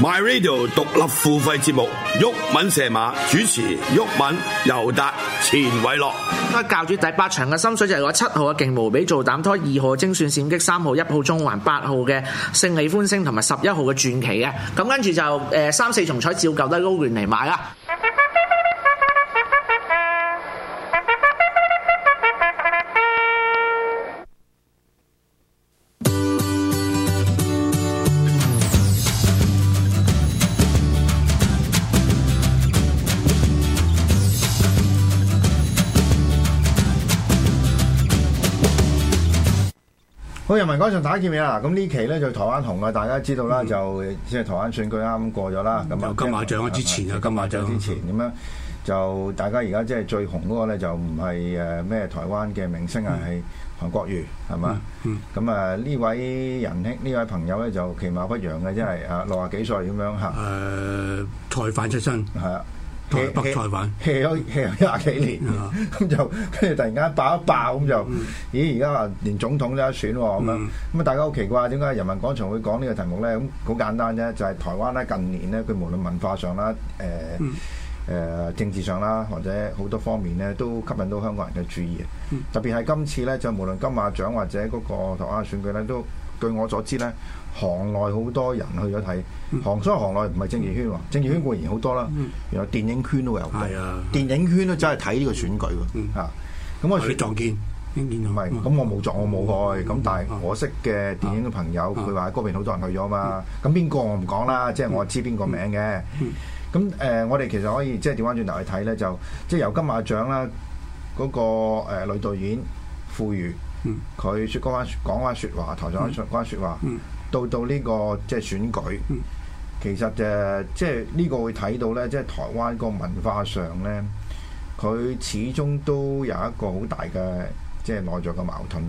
My Radio 獨立付費節目，毓民射馬主持，毓民、尤達、錢偉樂。教主第八場嘅心水就係我七號嘅勁無比做膽拖，二號精算閃擊，三號一號中環，八號嘅勝利歡聲同埋十一號嘅傳奇啊！咁跟住就三四重彩照舊都撈勻嚟買啊！大家打結未啊？咁呢期咧就台灣紅啊！大家知道啦，嗯、就即係台灣選舉啱過咗啦。有金馬獎之前有金馬獎之前咁樣、嗯，就大家而家即係最紅嗰個咧就唔係誒咩台灣嘅明星啊，係、嗯、韓國瑜係嘛？是是嗯。咁啊呢位仁兄，呢位朋友咧就其貌不揚嘅，即係啊六十幾歲咁樣嚇？誒菜販出身係啊。hea 咗 hea 咗廿幾年，咁就跟住突然間爆一爆，咁就，嗯、咦？而家話連總統都有選喎，咁、嗯，咁啊大家好奇怪，點解人民廣場會講呢個題目呢？咁好簡單啫，就係、是、台灣咧近年呢，佢無論文化上啦，誒、呃、誒、嗯呃、政治上啦，或者好多方面呢，都吸引到香港人嘅注意、嗯、特別係今次呢，就無論金馬獎或者嗰個台灣選舉呢，都。據我所知咧，行內好多人去咗睇，行即行內唔係政治圈喎，政治圈固然好多啦，原來電影圈都有嘅，電影圈都真係睇呢個選舉㗎嚇。咁我撞見，唔係，咁我冇撞，我冇去。咁但係我識嘅電影嘅朋友，佢話嗰邊好多人去咗嘛。咁邊個我唔講啦，即係我知邊個名嘅。咁誒，我哋其實可以即係調翻轉頭去睇咧，就即係由金馬獎啦，嗰個女導演傅榆。佢說嗰翻講翻說話，台上嗰翻說話，到到呢個即係選舉，其實誒，即係呢個會睇到呢，即係台灣個文化上呢，佢始終都有一個好大嘅即係內在嘅矛盾，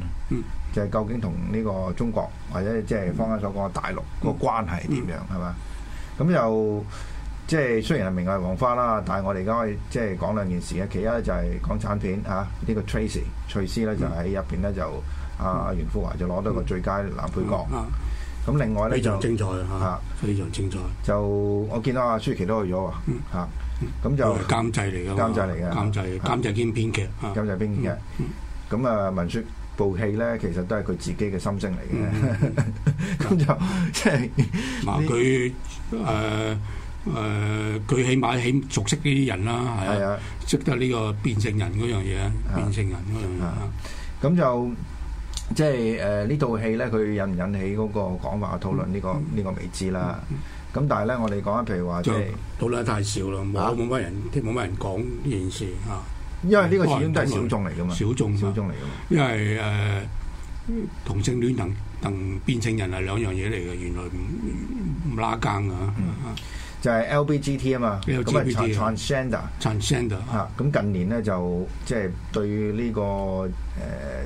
就係究竟同呢個中國或者即係方家所講嘅大陸個關係點樣，係嘛？咁又。即係雖然係名額黃花啦，但係我哋而家可以即係講兩件事啊。其一咧就係港產片啊，呢個 Trace 翠絲咧就喺入邊咧就阿袁富華就攞到個最佳男配角。咁另外咧就精彩嚇，非常精彩。就我見到阿舒淇都去咗啊。咁就監製嚟嘅，監製嚟嘅，監製監製兼編劇，監製編劇。咁啊，文雪部戲咧其實都係佢自己嘅心聲嚟嘅。咁就即係，佢誒。誒佢起碼起熟悉呢啲人啦，係啊，識得呢個變性人嗰樣嘢，變性人嗰樣嘢。咁就即係誒呢套戲咧，佢引唔引起嗰個講話討論呢個呢個未知啦。咁但係咧，我哋講啊，譬如話即係好啦，太少啦，冇冇乜人，冇乜人講呢件事嚇。因為呢個始終都係小眾嚟噶嘛，小眾小眾嚟噶嘛。因為誒同性戀同同變性人係兩樣嘢嚟嘅，原來唔拉更噶。就係 LGBT 啊嘛，咁啊 transgender，transgender 嚇，咁近年咧就即係對呢個誒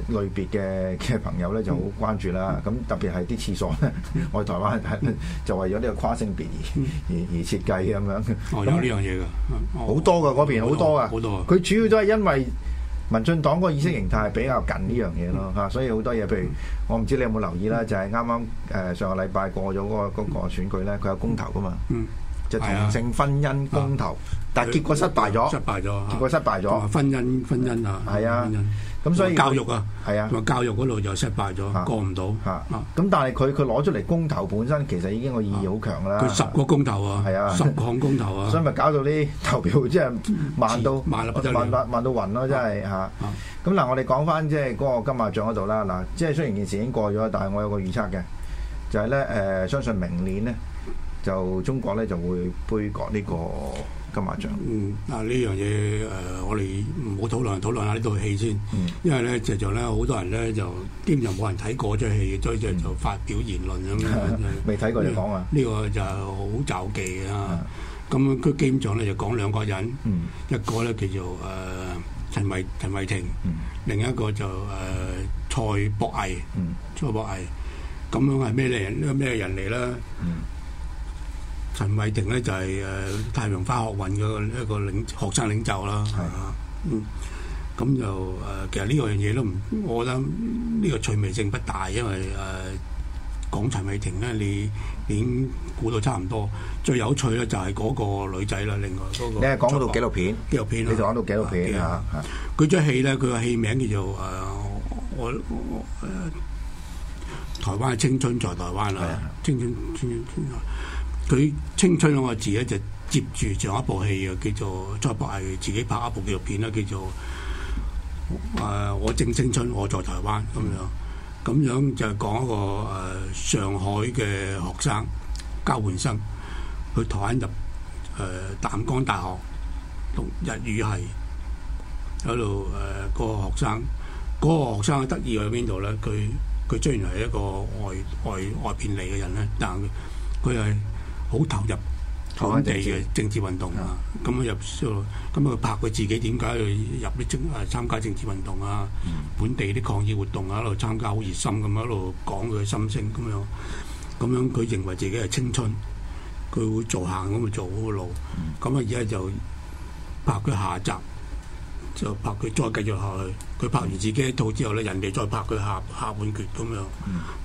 類別嘅嘅朋友咧就好關注啦。咁特別係啲廁所咧，我哋台灣就為咗呢個跨性別而而而設計咁樣。哦，有呢樣嘢㗎，好多㗎嗰邊，好多㗎，好多。佢主要都係因為民進黨嗰個意識形態比較緊呢樣嘢咯嚇，所以好多嘢。譬如我唔知你有冇留意啦，就係啱啱誒上個禮拜過咗嗰個嗰個選舉咧，佢有公投㗎嘛。同性婚姻公投，但係結果失敗咗，失敗咗，結果失敗咗。婚姻婚姻啊，係啊，咁所以教育啊，係啊，教育嗰度又失敗咗，過唔到。嚇，咁但係佢佢攞出嚟公投本身其實已經個意義好強啦。佢十個公投啊，十項公投啊，所以咪搞到啲投票即係慢到慢到慢到暈咯，即係嚇。咁嗱，我哋講翻即係嗰個金馬獎嗰度啦。嗱，即係雖然件事已經過咗，但係我有個預測嘅，就係咧誒，相信明年呢。就中國咧就會杯葛呢個金馬獎。嗯，啊呢樣嘢誒，我哋唔好討論討論下呢套戲先。嗯。因為咧，就就咧，好多人咧就基本上冇人睇過呢出戲，所以就就發表言論咁樣。未睇過你講啊。呢個就係好就記嘅啦。咁佢基本上咧就講兩個人，一個咧叫做誒陳為陳為廷，另一個就誒蔡博藝。嗯。蔡博藝，咁樣係咩人？呢個咩人嚟咧？嗯。陳為廷咧就係誒太陽花學運嘅一個領學生領袖啦。係啊，嗯，咁就誒其實呢樣嘢都唔，我覺得呢個趣味性不大，因為誒講陳為廷咧，你已經估到差唔多。最有趣咧就係嗰個女仔啦，另外嗰個。你係講嗰套紀錄片？紀錄片咯。你講到紀錄片啊，佢出戲咧，佢個戲名叫做誒我誒台灣嘅青春在台灣啦。係啊，青春青春青春。佢青春兩個字咧，就接住上一部戲嘅叫做再拍自己拍一部紀錄片啦，叫做誒、呃、我正青春我在台灣咁樣，咁樣就講一個誒、呃、上海嘅學生交換生去台灣入誒、呃、淡江大學讀日語系，喺度誒個學生，嗰、嗰個學生嘅得意喺邊度咧？佢佢雖然係一個外外外邊嚟嘅人咧，但佢佢係。好投入本地嘅政治運動啊！咁啊入咗，咁啊拍佢自己點解去入啲政啊參加政治運動啊？嗯、本地啲抗議活動啊，一路參加好熱心咁啊，一路講佢嘅心聲咁樣。咁樣佢認為自己係青春，佢會做行咁去做好個路。咁啊而家就拍佢下集，就拍佢再繼續下去。佢拍完自己一套之後咧，人哋再拍佢下下半決咁樣。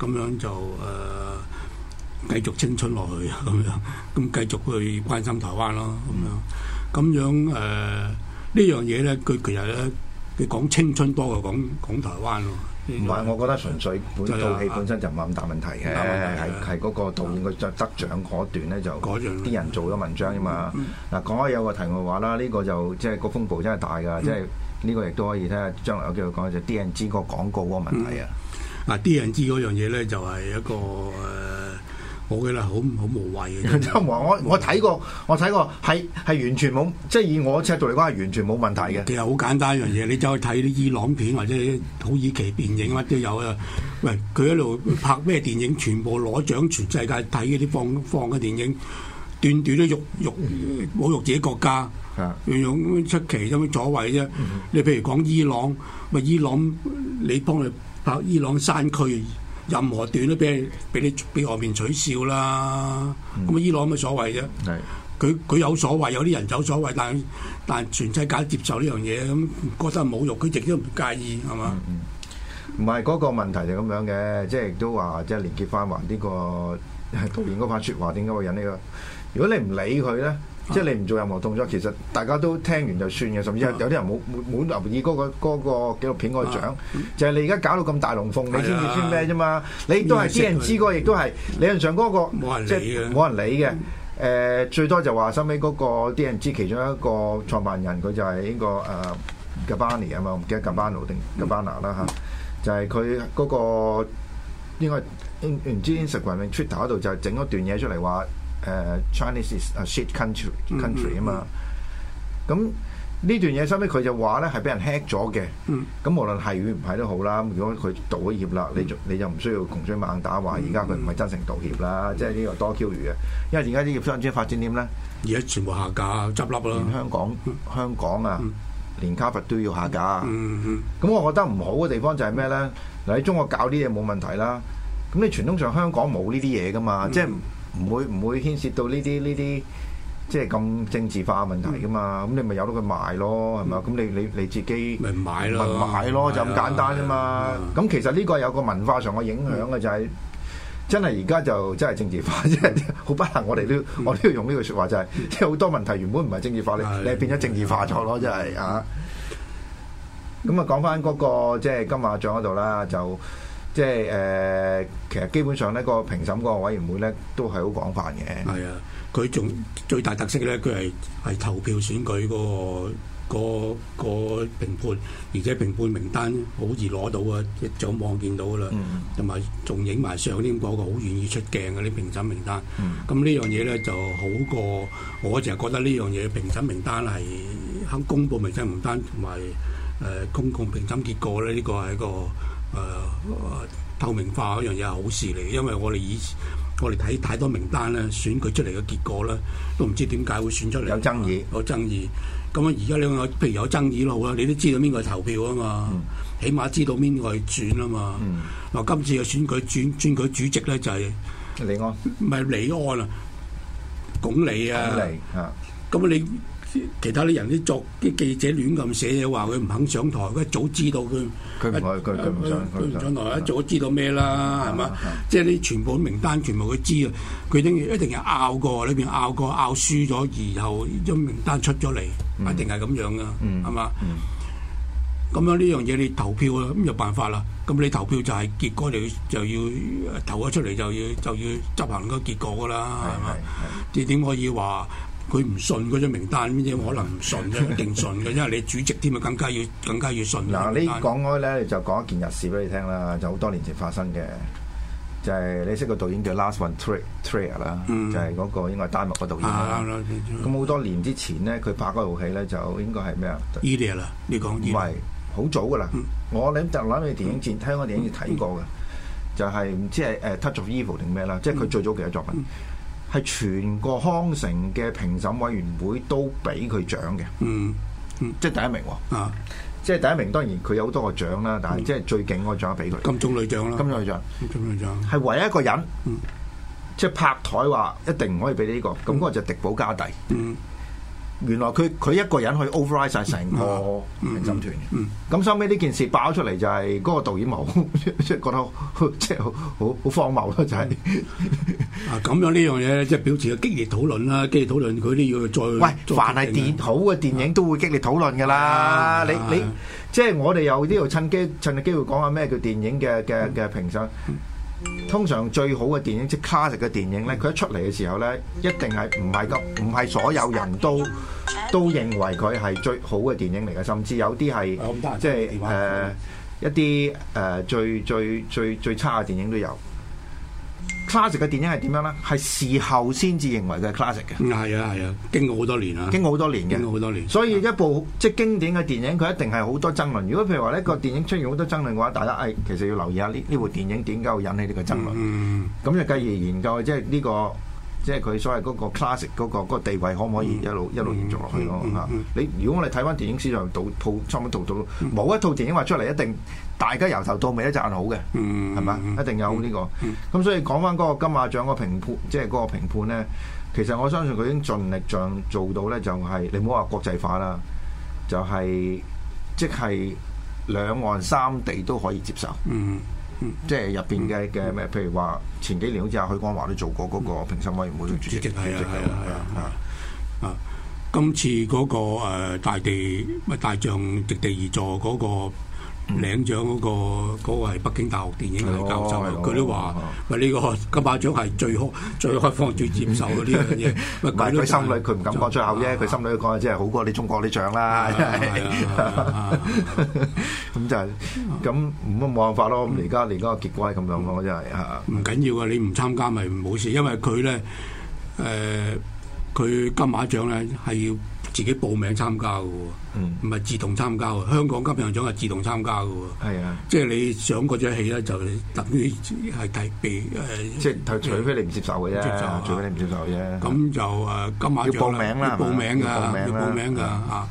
咁、嗯、樣就誒。呃繼續青春落去咁樣，咁繼續去關心台灣咯咁樣，咁、嗯、樣誒呢樣嘢咧，佢其實咧，佢講青春多過講講台灣咯。唔、就、係、是，我覺得純粹本套戲本身就唔係咁大問題嘅，係係嗰個導演嘅得得獎嗰段咧就啲、是、人做咗文章啫嘛。嗱講開有個題外話啦，呢、這個就、就是、即係個風暴真係大㗎，即係呢個亦都可以睇下將來有機會講就是、D&G 個廣告嗰個問題啊。嗱 D&G 嗰樣嘢咧就係、是、一個。嗯冇嘅啦，好好無謂嘅。 我我睇過，我睇過，係係完全冇，即係以我尺度嚟講係完全冇問題嘅。其實好簡單一樣嘢，你走去睇啲伊朗片或者土耳其電影乜都有啊。喂，佢喺度拍咩電影？全部攞獎，全世界睇嗰啲放放嘅電影，斷斷都辱辱侮辱自己國家，樣樣出奇有咩所謂啫？你譬如講伊朗，喂伊朗，你幫佢拍伊朗山區。任何段都俾俾你俾外面取笑啦，咁啊伊朗有咩所謂啫？佢佢的有所謂，有啲人有所謂，但但全世界接受呢樣嘢，咁覺得侮辱佢亦都唔介意，係嘛？唔係嗰個問題就咁樣嘅，即係亦都話即係連結翻還呢個 導演嗰番説話點解會引呢個？如果你唔理佢咧。即係你唔做任何動作，其實大家都聽完就算嘅，甚至係有啲人冇冇留意嗰、嗰個嗰、嗰個紀錄片嗰個獎，啊、就係你而家搞到咁大龍鳳，你先至算咩啫嘛？你都係啲人知嘅，亦都係理論上嗰、嗰個冇人理嘅，冇人理嘅。誒、啊，最多就話收尾嗰個啲人知其中一個創辦人，佢就係呢個誒 Gabbani 啊嘛，ani, 我唔記得 Gabbano 定 Gabbana 啦嚇，就係佢嗰個應該唔 in, 知 in, in Instagram Twitter 嗰度就整一段嘢出嚟話。誒、uh, Chinese is a shit country country 啊嘛，咁 呢段嘢收尾佢就話咧係俾人 hack 咗嘅，咁無論係與唔係都好啦。如果佢道咗歉啦，你你就唔需要窮追猛打話，而家佢唔係真誠道歉啦，即係呢個多 Q 餘嘅。 olo, 因為而家啲業商轉發展點咧，而家全部下架執笠啦，連 香港香港啊，連卡佛都要下架。咁 我覺得唔好嘅地方就係咩咧？嗱，喺中國搞啲嘢冇問題啦，咁你傳統上香港冇呢啲嘢噶嘛，即係。唔會唔會牽涉到呢啲呢啲，即係咁政治化嘅問題噶嘛？咁你咪由得佢賣咯，係咪啊？咁你你你自己咪買咯，咪買咯，就咁簡單啫嘛。咁其實呢個有個文化上嘅影響嘅就係，真係而家就真係政治化，即係好不幸。我哋都我都要用呢句說話，就係即係好多問題原本唔係政治化咧，你變咗政治化咗咯，真係啊！咁啊，講翻嗰個即係金馬獎嗰度啦，就。即係誒、呃，其實基本上呢個評審個委員會咧都係好廣泛嘅。係啊，佢仲最大特色咧，佢係係投票選舉、嗰個、嗰個、嗰個評判，而且評判名單好易攞到啊，嘅，上網見到噶啦。同埋仲影埋相添，嗰、嗰個好願意出鏡嘅啲評審名單。咁、嗯、呢樣嘢咧就好過，我淨係覺得呢樣嘢評審名單係肯公布評審名單同埋誒公共評審結果咧，呢、呢個係一個。誒、呃、透明化嗰樣嘢係好事嚟，因為我哋以我哋睇太多名單咧，選舉出嚟嘅結果咧，都唔知點解會選出嚟。有爭議，有爭議。咁、嗯、啊，而家呢個譬如有爭議都好啦，你都知道邊個係投票啊嘛，嗯、起碼知道邊個係轉啊嘛。嗱、嗯，嗯嗯、今次嘅選舉轉選,選舉主席咧、就是，就係李安，唔係李安啊，鞏俐啊。咁你、嗯？嗯其他啲人啲作啲記者亂咁寫嘢，話佢唔肯上台，佢早知道佢佢唔佢佢唔上佢唔上台，一早知道咩啦，係嘛？即係你全部名單，全部佢知啊！佢啲一定係拗過裏邊拗過，拗輸咗，然後將名單出咗嚟，一定係咁樣噶，係嘛？咁樣呢樣嘢你投票啊，咁有辦法啦。咁你投票就係結果嚟，就要投咗出嚟，就要就要執行個結果噶啦，係嘛？你點可以話？佢唔信嗰張名單，邊止可能唔信咧？一定信嘅，因為你主席添啊，更加要更加要信。嗱，你講開咧，就講一件日事俾你聽啦，就好多年前發生嘅，就係、是、你識個導演叫、The、Lars von Trier 啦，嗯、就係嗰個應該係丹麥個導演，咁好多年之前呢，佢拍嗰部戲咧，就應該係咩、e、是啊？Elijah 啦，你講唔係好早噶啦。嗯、我諗就攬起電影前，喺我電影要睇過嘅、嗯嗯，就係、是、唔知係誒、uh, Touch of Evil 定咩啦？即係佢最早期嘅作品。嗯嗯嗯係全個康城嘅評審委員會都俾佢獎嘅，嗯嗯，即係第一名喎，啊，即係第一名，當然佢有好多個獎啦，但係即係最勁嗰個獎俾佢，金棕櫚獎咯，金棕櫚獎，金棕櫚獎係唯一一個人，嗯、即係拍台話一定唔可以俾呢、這個，咁嗰、嗯、個就迪寶加弟，嗯。原來佢佢一個人可以 override 晒成個評審團嘅。咁收尾呢件事爆出嚟就係嗰個導演冇，即 係覺得即係好好荒謬咯，就係啊咁樣呢樣嘢即係表示激烈討論啦，激烈討論佢都要再喂，凡係電好嘅電影都會激烈討論噶啦，嗯、你、呃、你即係、啊就是、我哋又呢度趁機趁個機會講下咩叫電影嘅嘅嘅評審。通常最好嘅電影即 classic 嘅電影咧，佢一出嚟嘅時候咧，一定係唔係咁，唔係所有人都都認為佢係最好嘅電影嚟嘅，甚至有啲係即係誒一啲誒、呃、最最最最差嘅電影都有。classic 嘅電影係點樣咧？係事後先至認為佢係 classic 嘅。嗯，係啊，係啊，經過好多年啦、啊。經過好多年嘅。經過好多年。所以一部、啊、即係經典嘅電影，佢一定係好多爭論。如果譬如話呢個電影出現好多爭論嘅話，大家誒其實要留意下呢呢部電影點解會引起呢個爭論。嗯。咁就繼而研究即係呢、呢個。即係佢所謂嗰個 classic 嗰個地位，可唔可以一路一路延續落去咯？嚇！ 你如果我哋睇翻電影史上倒鋪，差唔多套到冇 一套電影話出嚟一定大家由頭到尾都贊好嘅，係咪？ 一定有呢、呢個。咁所以講翻嗰個金馬獎個評判，即係嗰個評判呢，其實我相信佢已經盡力做做到呢、就係，就係你唔好話國際化啦，就係、係、即係兩岸三地都可以接受。 即係入邊嘅嘅咩？譬如話前幾年好似阿許光華都做過嗰個評審委員會主席，係啊係啊係啊啊！今次個誒大地咪大象席地而坐、嗰個。領獎嗰個嗰個係北京大學電影嘅教授，佢都話：喂呢個金馬獎係最開最開放，最接受嘅呢樣嘢。佢心裏佢唔敢講出口啫，佢心裏講啊，真係好過你中國嗰啲獎啦。咁就咁咁冇冇辦法咯。咁而家而家個結果係咁樣真係嚇。唔緊要啊，你唔參加咪唔冇事，因為佢咧誒，佢金馬獎咧係要。自己報名參加嘅喎，唔係自動參加喎。香港金像獎係自動參加嘅喎，即係你上過張戲咧，就等於係提被誒。即係除非你唔接受嘅啫，除非你唔接受啫。咁就誒，今晚要報名啦，要報名㗎，要報名㗎嚇。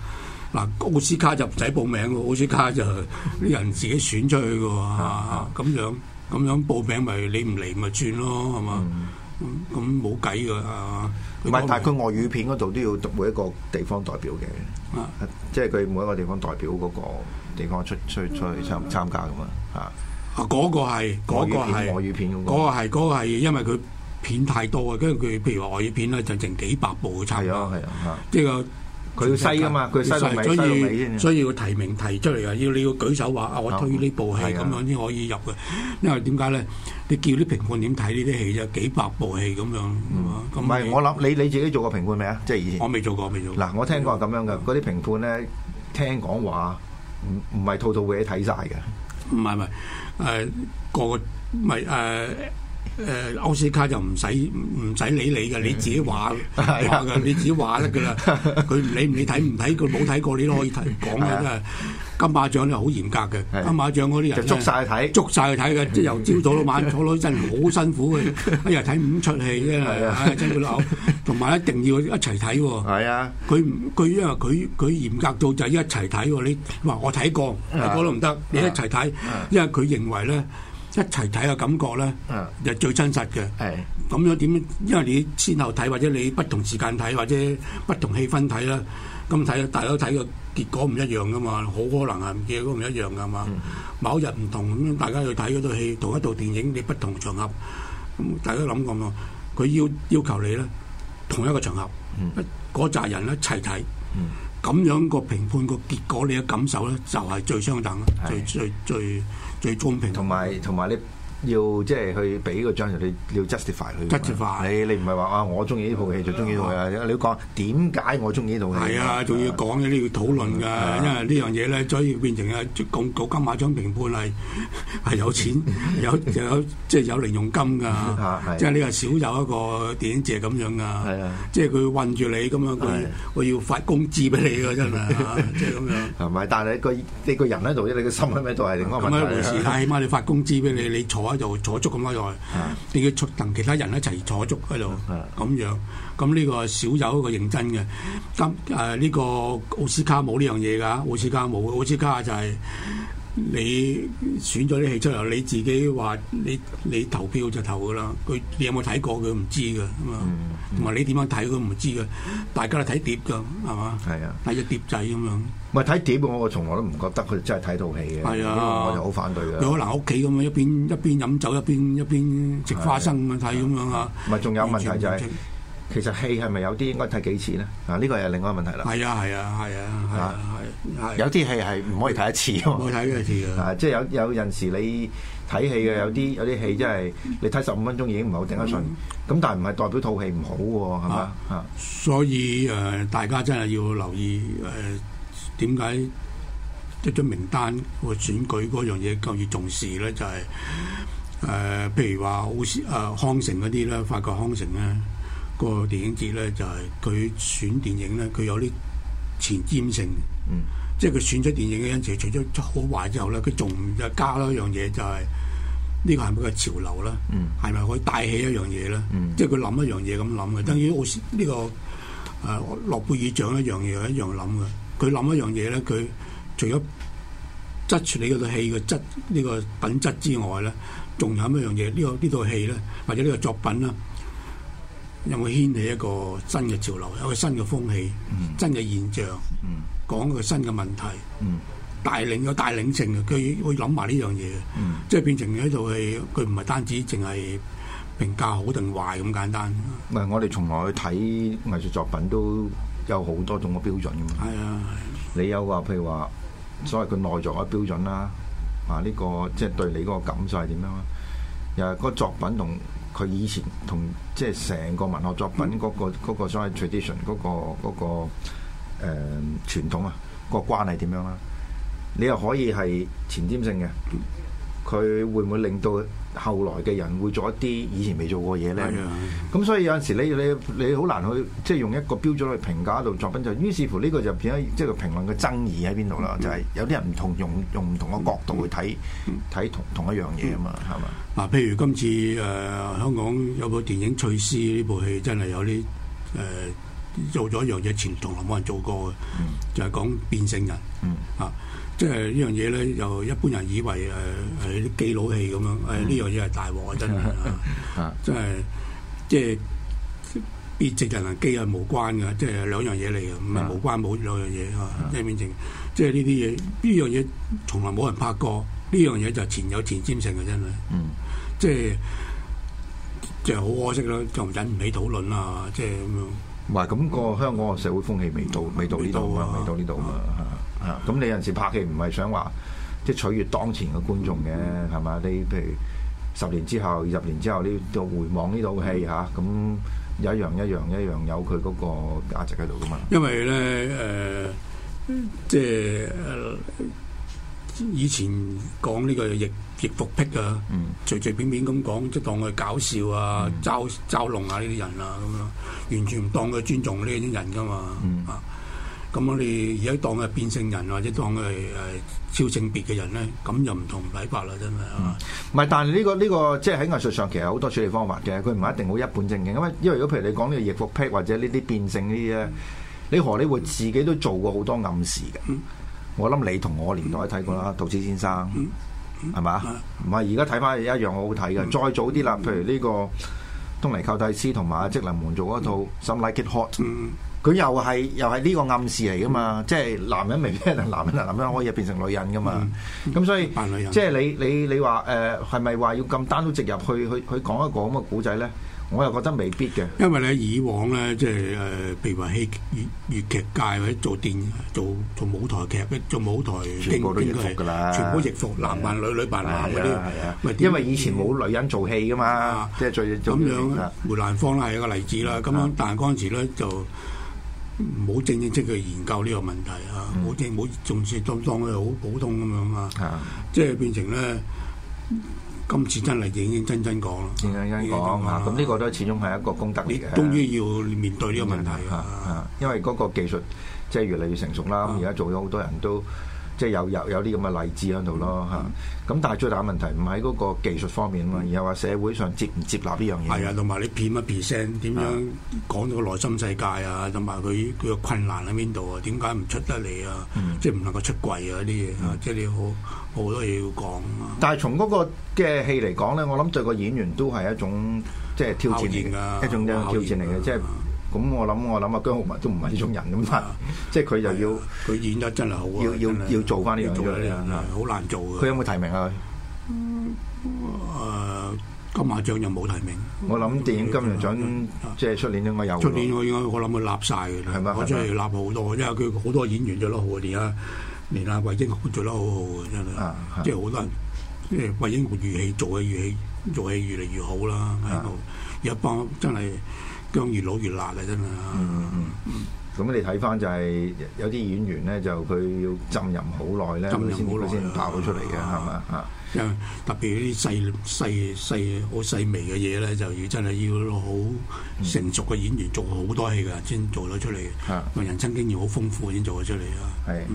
嗱，奧斯卡就唔使報名喎，奧斯卡就啲人自己選出去嘅喎。咁樣咁樣報名咪你唔嚟咪轉咯，係嘛？咁冇計㗎係唔係，但係佢外語片嗰度都要每一個地方代表嘅，啊啊，即係佢每一個地方代表嗰個地方出出出去參參加嘅嘛。啊，嗰，啊嗰個係，嗰外語片，嗰個係嗰個係因為佢片太多啊，跟住佢譬如外語片咧就剩幾百部嘅差。係啊係啊，呢個，啊。啊佢要細啊嘛，佢細到鬼，所以所以要提名提出嚟啊！要你要舉手話啊，我推呢部戲咁樣先可以入嘅。因為點解咧？你叫啲評判點睇呢啲戲啫？幾百部戲咁樣，唔係我諗你你自己做過評判未啊？即係以前我未做過，未做。嗱，我聽過係咁樣嘅，嗰啲評判咧，聽講話唔唔係套套嘢睇曬嘅。唔係唔係，誒個咪誒。誒奧、呃、斯卡就唔使唔使理你嘅，你自己話話 對呀 你自己話得噶啦。佢理唔理睇唔睇，佢冇睇過你都可以睇講嘅。真係金馬獎咧好嚴格嘅，金馬獎嗰啲人就捉晒去睇，捉曬去睇嘅，即係由朝早到晚坐攞真係好辛苦嘅。一日睇五出戲 對呀、哎、真係真係同埋一定要一齊睇、哦。係啊， 佢佢因為佢佢嚴格到，就係一齊睇、哦。你話我睇過睇 都唔得，你一齊睇，的 y mit 因為佢認為咧。一齊睇嘅感覺咧，就最真實嘅。咁樣點？因為你先後睇，或者你不同時間睇，或者不同氣氛睇啦。咁睇，大家都睇嘅結果唔一樣噶嘛。好可能係唔記得都唔一樣㗎嘛。某日唔同，咁大家去睇嗰套戲，同一套電影，你不同場合，咁大家諗咁佢要要求你咧，同一個場合，嗰扎人一齊睇，咁樣個評判個結果，你嘅感受咧就係最相等，最最最。最公平，同埋同埋呢？要即係去俾個獎你要 justify 佢。justify，係你唔係話啊！我中意呢部戲就中意佢啊，你要講點解我中意呢套嘢？係啊，仲要講嘅，你要討論㗎。因為呢樣嘢咧，所以變成啊，咁到金馬獎評判係係有錢，有即係有零用金㗎。即係你又少有一個電影謝咁樣㗎。即係佢運住你咁樣，佢我要發工資俾你㗎，真係即係咁樣。係咪？但係個你個人喺度，即你個心喺度係另一回事。係起碼你發工資俾你，你坐，喺度坐足咁耐，你要出同其他人一齊坐足喺度，咁樣，樣，咁呢、嗯啊呢個少有一個認真嘅。咁誒，呢個奧斯卡冇呢樣嘢㗎，奧斯卡冇，奧斯卡就係、是。你選咗啲戲出嚟，你自己話你你投票就投噶啦。佢你有冇睇過佢唔知噶嘛，同埋、嗯嗯、你點樣睇佢唔知噶。大家都睇碟噶，係嘛？係啊，睇嘅碟仔咁樣。唔係睇碟，我從來都唔覺得佢真係睇套戲嘅。係啊，我就好反對嘅。有可能屋企咁樣啊，一邊一邊飲酒一邊一邊食花生咁睇咁樣啊。唔係、啊，仲、啊、有問題就係、是。其實戲係咪有啲應該睇幾次咧？啊，呢、呢個又係另外問題啦。係啊，係啊，係啊，係係、啊。啊啊、有啲戲係唔可以睇一次。唔可以睇一次啊，即係有有陣時你睇戲嘅，有啲有啲戲真係你睇十五分鐘已經唔係好頂得順。咁、嗯、但係唔係代表套戲唔好喎？係嘛、啊？吧所以誒、呃，大家真係要留意誒點解一張名單或選舉嗰樣嘢更要重視咧？就係、是、誒、呃，譬如話好似誒康城嗰啲啦，法國康城咧。個電影節咧就係、是、佢選電影咧，佢有啲前瞻性，嗯、即係佢選出電影嘅，因此除咗好壞之後咧，佢仲加多一樣嘢、就是，就係呢個係咪個潮流啦，係咪可以帶起一樣嘢咧？嗯、即係佢諗一樣嘢咁諗嘅，嗯、等於奧斯呢個諾貝爾獎一樣嘢，一樣諗嘅。佢諗一樣嘢咧，佢除咗質住你嗰套戲嘅質呢個品質之外咧，仲有一樣嘢？這個這個、呢個呢套戲咧，或者呢個作品啦。有冇掀起一個新嘅潮流，有個新嘅風氣，嗯、新嘅現象，嗯、講個新嘅問題，帶、嗯、領咗帶領性嘅，佢會諗埋呢樣嘢，嗯、即係變成喺度係佢唔係單止淨係評價好定壞咁簡單。唔係我哋從來去睇藝術作品都有好多種嘅標準㗎嘛。係啊，你有話譬如話所謂佢內在嘅標準啦，啊呢個即係、就是、對你嗰個感受係點樣，又係個作品同。佢以前同即係成個文學作品、嗰個、嗯嗰個嗰、嗰個所謂 tradition 嗰個嗰個、誒傳統啊、個關係點樣啦？你又可以係前瞻性嘅。佢會唔會令到後來嘅人會做一啲以前未做過嘢咧？咁的所以有陣時你你你好難去即係、就是、用一個標準去評價一部作品，就於是乎呢個就變咗即係評論嘅爭議喺邊度啦？嗯、就係有啲人唔同用用唔同嘅角度去睇睇、嗯、同同一樣嘢啊嘛，係嘛、嗯？嗱吧，譬如今次誒、呃、香港有部電影《翠絲》呢部戲，真係有啲誒、呃、做咗一樣嘢，以前從來冇人做過嘅，嗯、就係講變性人啊。嗯嗯即係呢樣嘢咧，就一般人以為誒係啲基佬戲咁樣，誒呢樣嘢係大鑊真係啊，真係即係別直人行機、就係嗯、啊，無關噶，即係兩樣嘢嚟噶，唔係無關冇兩樣嘢啊，一面正，即係呢啲嘢，呢樣嘢從來冇人拍過，呢樣嘢就前有前瞻性嘅真係，即係、嗯、就好、係就係、可惜咯，就引唔起討論啦，即係咁樣。唔係咁個香港個社會風氣未到，未到呢度未到呢度啊。啊啊啊！咁、嗯嗯、你有陣時拍戲唔係想話即係取悅當前嘅觀眾嘅，係嘛？你譬如十年之後、二十年之後，呢度回望呢套戲嚇，咁、嗯啊、有一樣、嗯、一樣一樣有佢嗰個價值喺度噶嘛？因為咧誒、呃，即係誒、呃、以前講呢個易易服癖啊，嗯、隨隨便便咁講，即當佢搞笑啊、嗯、嘲嘲弄啊呢啲人啊咁樣，完全唔當佢尊重呢啲人噶嘛啊！嗯嗯嗯咁我哋而家當佢係變性人，或者當佢係超性別嘅人咧，咁又唔同睇法啦，真係嚇。唔係、嗯，但係呢、呢個呢、呢個即係喺藝術上其實好多處理方法嘅，佢唔係一定好一本正經。因為因為如果譬如你講呢個易服癖，或者呢啲變性呢啲咧，嗯、你荷里活自己都做過好多暗示嘅。嗯、我諗你同我年代睇過啦，杜絲、嗯、先生，係嘛、嗯？唔係而家睇翻一樣好好睇嘅，嗯嗯、再早啲啦，譬如呢個東尼寇蒂斯同埋阿積蘭蒙做嗰套《Some Like It Hot》嗯。佢又係又係呢個暗示嚟噶嘛？即係男人未必男人，男人可以變成女人噶嘛？咁所以扮女人，即係你你你話誒係咪話要咁單刀直入去去去講一個咁嘅古仔咧？我又覺得未必嘅。因為咧，以往咧，即係譬如話戲粵粵劇界，或者做電做做舞台劇做舞台全部都係㗎啦，全部亦服男扮女女扮男嗰啲，因為以前冇女人做戲噶嘛，即係做。咁樣。梅蘭芳啦，係一個例子啦，咁樣但係嗰陣時咧就。唔好正正式去研究呢個問題，嗯、啊！唔好正唔好仲係當當佢好普通咁樣啊！即係變成咧，今次真係認認真真講咯，認認真講啊！咁呢個都始終係一個功德嚟嘅。你終於要面對呢個問題啊，啊！因為嗰個技術即係越嚟越成熟啦，而家、啊、做咗好多人都即係有有有啲咁嘅例子喺度咯嚇，咁、嗯、但係最大問題唔係嗰個技術方面啊嘛，而係話社會上接唔接納呢樣嘢？係啊，同埋你片啊片聲點樣講到個內心世界啊，同埋佢佢嘅困難喺邊度啊？點解唔出得嚟啊？嗯、即係唔能夠出櫃啊啲嘢啊，嗯、即係你好好多嘢要講、啊。但係從嗰個嘅戲嚟講咧，我諗對個演員都係一種即係挑戰嚟嘅，一種挑戰嚟嘅，即係。就是咁我諗，我諗啊姜浩文都唔係呢種人咁啦，即係佢又要佢演得真係好，要要要做翻呢樣嘢，好難做。佢有冇提名啊？金馬獎又冇提名。我諗電影金像獎即係出年應該有。出年我應該我諗佢立曬嘅，我真係立好多，因為佢好多演員做得好，而家，連啊惠英紅做得好好真係，即係好多人，即係惠英紅越起做嘅越起做嘅越嚟越好啦。喺度，後一班真係。姜越老越辣嘅啫嘛。咁、嗯嗯嗯、你睇翻，就係有啲演員咧，就佢要浸淫好耐咧，佢先至先爆出嚟嘅，係嘛。啊，吧因為特別嗰啲細細細好細微嘅嘢咧，就要真係要好成熟嘅演員做好多戲嘅，先做到出嚟。吓，人生經驗好豐富先做到出嚟咯。係是。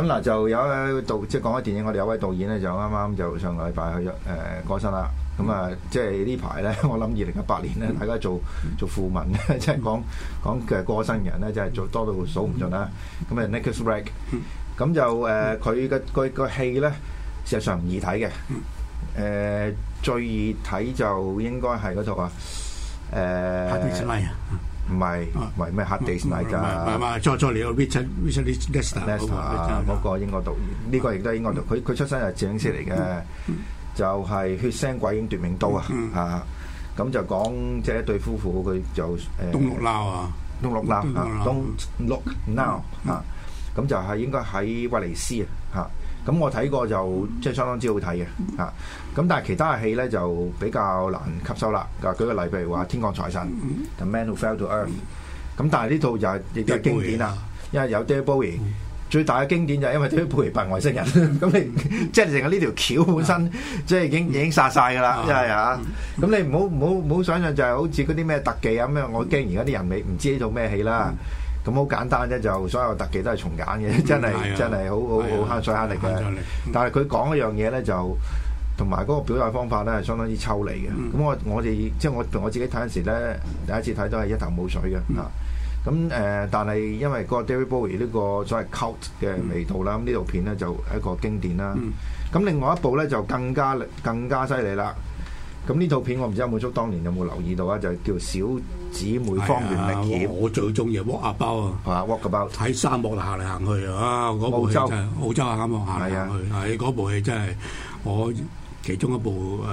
咁嗱、嗯，就有一導即係講開電影，我哋有位導演咧就啱啱就上個禮拜去誒過身啦。咁啊，即係呢排咧，我諗二零一八年咧，大家做做富民咧，即係講講嘅過身人咧，真係做多到數唔盡啦。咁啊 Nicholas Blake，咁就誒，佢嘅佢個戲咧，事實上唔易睇嘅。誒，最易睇就應該係嗰套啊。誒，唔係唔係咩？Hot Desert！唔係唔係，再再嚟個 Richard Richard Lester，嗰個英國導演，呢個亦都係英國導。佢佢出身係攝影師嚟嘅。就係血腥鬼影奪命刀啊！嚇，咁就講即係一對夫婦佢就誒。東洛拉啊，東洛拉啊，東洛拉啊，咁就係應該喺威尼斯啊！嚇，咁我睇過就即係相當之好睇嘅嚇，咁但係其他嘅戲咧就比較難吸收啦。啊，舉個例，譬如話《天降財神》The Man Who Fell To Earth，咁但係呢套就亦都係經典啦，因為有 Dear Boy。最大嘅經典就係因為啲陪訓外星人，咁你即係成日呢條橋本身，即係已經已經殺晒噶啦，真係啊！咁你唔好唔好唔好想象就係好似嗰啲咩特技啊咁樣，我驚而家啲人未唔知呢套咩戲啦。咁好簡單啫，就所有特技都係重揀嘅，真係真係好好好慳水慳力嘅。但係佢講一樣嘢咧，就同埋嗰個表達方法咧，係相當之抽離嘅。咁我我哋即係我我自己睇嗰時咧，第一次睇都係一頭霧水嘅嚇。咁誒，但係因為嗰個 David Bowie 呢個所謂 cult 嘅味道啦，咁呢套片咧就一個經典啦。咁另外一部咧就更加更加犀利啦。咁呢套片我唔知阿滿叔當年有冇留意到啊？就係叫《小姊妹方圓歷險》。我最中意 Walk About 啊，Walk About，喺沙漠行嚟行去啊！嗰部戲真係澳洲啊，啱喎，行嚟行去，係嗰部戲真係我其中一部誒，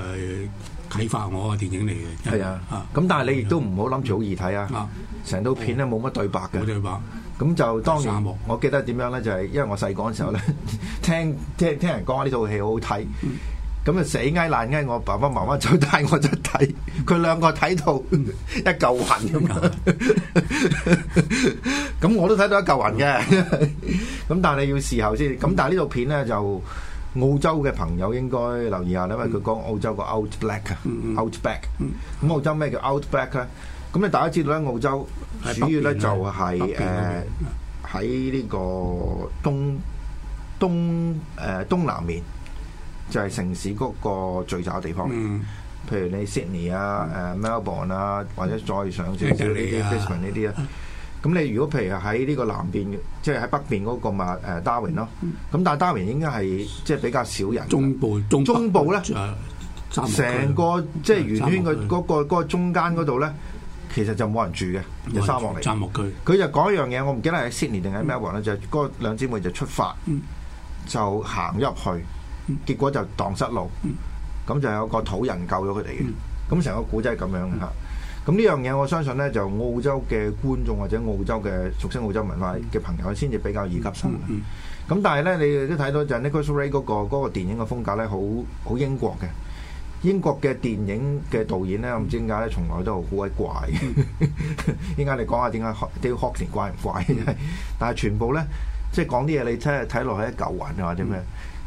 啟發我啊，電影嚟嘅。係啊，咁但係你亦都唔好諗住好易睇啊。成套，啊、片咧冇乜對白嘅。冇對白。咁就當然，我記得點樣咧，就係、是、因為我細個嗰時候咧，嗯，聽聽聽人講呢套戲好好睇，咁啊、嗯、死嗌爛嗌我爸爸媽媽就帶我就睇。佢兩個睇到一嚿雲咁樣，咁、嗯、 我都睇到一嚿雲嘅。咁、嗯、 但係你要事後先。咁但係呢套片咧就。澳洲嘅朋友應該留意下，因為佢講澳洲個 outback 啊，outback。咁澳洲咩叫 outback 咧？咁你大家知道咧，澳洲主要咧就係誒喺呢個東東誒東南面，就係城市嗰個聚集嘅地方。嗯，譬如你 Sydney 啊、誒 Melbourne 啊，或者再上少少，Fisherman 呢啲咧。咁你如果譬如喺呢個南邊，即係喺北邊嗰個麥 Darwin 咯。咁但係 Darwin 應該係即係比較少人。中部，中部咧，成個即係圓圈個嗰個嗰個中間嗰度咧，其實就冇人住嘅，就沙漠嚟。沙漠區。佢就講一樣嘢，我唔記得係 Sydney 定係 Melbourne 咧，就嗰兩姊妹就出發，就行入去，結果就蕩失路。咁就有個土人救咗佢哋嘅。咁成個古仔係咁樣嚇。咁呢樣嘢，我相信呢，就澳洲嘅觀眾或者澳洲嘅熟悉澳洲文化嘅朋友先至比較易吸收。咁、嗯嗯、但係呢，你都睇到就《The Great Race》嗰嗰個電影嘅風格呢，好好英國嘅。英國嘅電影嘅導演咧，唔知點解呢，從來都好鬼怪。點解、嗯、 你講下點解？點學前怪唔怪？ 但係全部呢，即、就、係、是、講啲嘢、嗯，你真係睇落去一嚿雲又或者咩？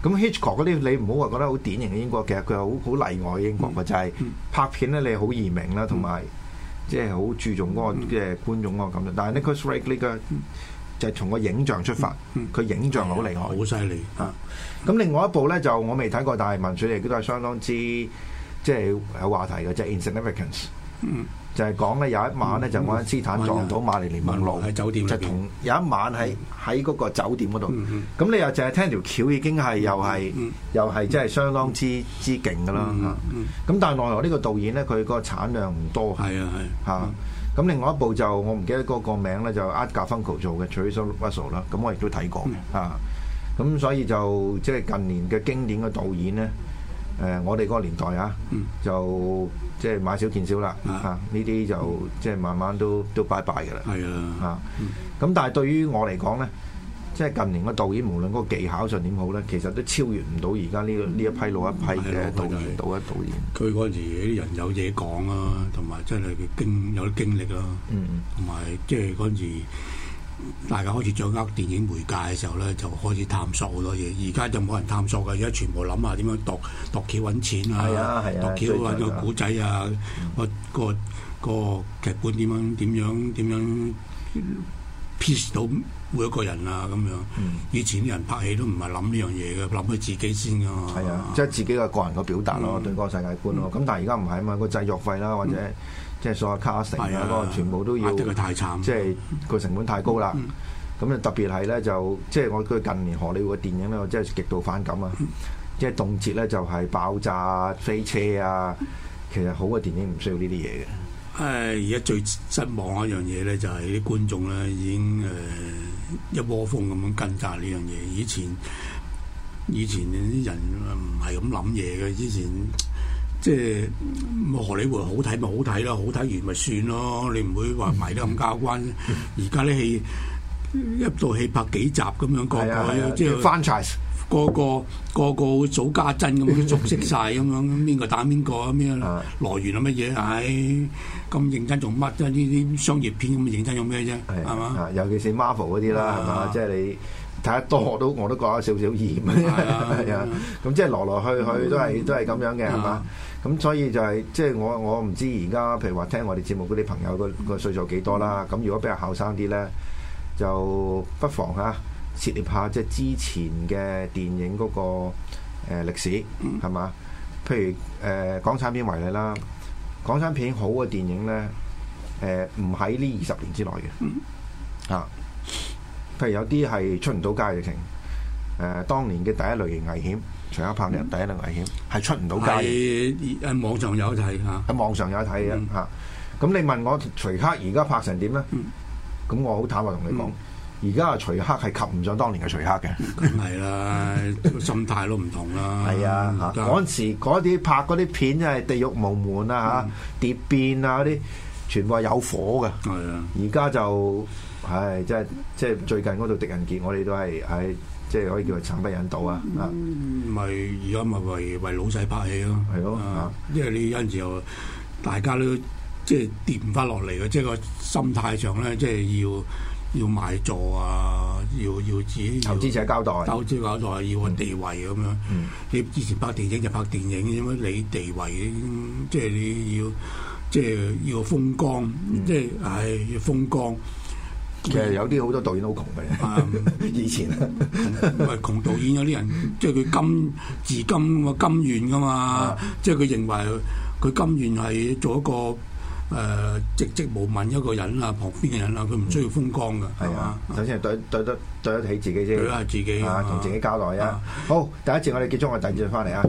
咁 Hitchcock 嗰啲你唔好話覺得好典型嘅英國嘅，其實佢好好例外嘅英國嘅，就係、是、拍片呢，你好易明啦，同埋。即係好注重嗰個嘅觀眾嗰個感覺，但係咧佢 strike 你、這個、就係、是、從個影像出發，佢 影像好厲害，好犀利啊！咁 另外一部咧就我未睇過，但係文水嚟亦都係相當之即係有話題嘅，即、就、係、是、Insignificance。就係講咧有一晚咧就愛因斯坦撞到瑪麗蓮夢露，喺酒店，就同有一晚係喺嗰個酒店嗰度。咁你又淨係聽條橋已經係又係又係，真係相當之之勁噶啦。咁但係奈何呢個導演咧，佢個產量唔多。係啊係吓。咁另外一部就我唔記得嗰個名咧，就阿 Garfunkel 做嘅 Theresa Russell 啦。咁我亦都睇過啊。咁所以就即係近年嘅經典嘅導演咧。誒、呃，我哋嗰個年代啊，嗯、就即係買少見少啦，啊，呢啲就即係慢慢都都拜拜嘅啦。係啊，啊、嗯，咁但係對於我嚟講咧，即係近年嘅導演，無論嗰個技巧上點好咧，其實都超越唔到而家呢個呢一批老一批嘅導演，老一導演。佢嗰陣時啲人有嘢講啊，同埋真係佢經有啲經歷啦，嗯，同埋即係嗰陣時。大家開始掌握電影媒介嘅時候咧，就開始探索好多嘢。而家就冇人探索嘅，而家全部諗下點樣度度橋揾錢啊，度橋揾個古仔啊，啊計個啊、嗯、個個、個劇本點樣點樣點樣 piece 到每一個人啊咁樣。嗯、以前啲人拍戲都唔係諗呢樣嘢嘅，諗佢自己先噶嘛。係啊，即係、啊就係、自己嘅個人嘅表達咯，嗯、對個世界觀咯。咁、嗯嗯、但係而家唔係啊嘛，個製作費啦或者、嗯。即係所有卡城啊，啊全部都要，得太慘即係是個、嗯、成本太高啦。咁啊、嗯、特別係咧，就即係我佢近年荷里活嘅電影咧，我真係極度反感啊！嗯、即係動輒咧就係、是、爆炸、飛車啊，其實好嘅電影唔需要呢啲嘢嘅。誒而家最失望一樣嘢咧，就係、是、啲觀眾咧已經誒、呃、一窩蜂咁樣跟揸呢樣嘢。以前以前啲人唔係咁諗嘢嘅，之前。即係荷里活好睇咪好睇咯，好睇完咪算咯，你唔會話埋得咁交關。而家咧戲一套戲拍幾集咁樣改，即係翻柴，個個 個個早 家陣咁樣熟悉晒，咁樣， 邊個打邊個啊咩啦？來源係乜嘢？唉、哎，咁認真做乜啫？呢啲商業片咁認真做咩啫？係嘛？ 吧尤其是 Marvel 嗰啲啦，係嘛是、啊？即、就、係、是、你。睇得多，都我都覺得少少厭。係啊，咁即係來來去去都係都係咁樣嘅，係嘛？咁所以就係即係我我唔知而家譬如話聽我哋節目嗰啲朋友個個歲數幾多啦？咁如果比較後生啲呢，就不妨啊涉獵下即係之前嘅電影嗰個誒歷史係嘛？譬如誒港產片為例啦，港產片好嘅電影呢，誒唔喺呢二十年之內嘅啊。譬如有啲係出唔到街嘅情，誒、呃，當年嘅第一類型危險，徐克拍嘅第一類危險，係、mm. 出唔到街。喺網上有睇嚇，喺、啊嗯、網上有睇嘅嚇。咁、嗯、你問我徐克而家拍成點咧？咁我好坦白同你講，而家啊徐克係及唔上當年嘅徐克嘅。係、就、啦、是，心態都唔同啦。係 啊，嗰陣、啊、時嗰啲拍嗰啲片真係地獄無門啊嚇，蝶變啊嗰啲，啊啊、全部係有火嘅。係啊，而家就。係、哎，即係即係最近嗰度《狄仁傑》，我哋都係喺即係可以叫做「慘不忍睹啊！咪而家咪為為老細拍戲咯，係咯，因為你有陣時候大家都即係掂唔翻落嚟嘅，即係個心態上咧，即係要要賣座啊，要要自己投資者交代，投資者交代，嗯、要個地位咁樣。嗯、你以前拍電影就拍電影，因為你地位，即係你要即係要風光，即係係要風光。嗯其實有啲好多導演都好窮嘅，嗯、 以前，因為窮導演有啲人， 即係佢甘自甘啊甘願噶嘛，啊、即係佢認為佢甘願係做一個誒籍籍無名一個人啦，旁邊嘅人啦，佢唔需要風光嘅，係嘛、啊，吧首先對對得對得起自己，對得自己，同、啊啊、自己交代啊！好，第一節我哋結束，我哋第二節翻嚟啊。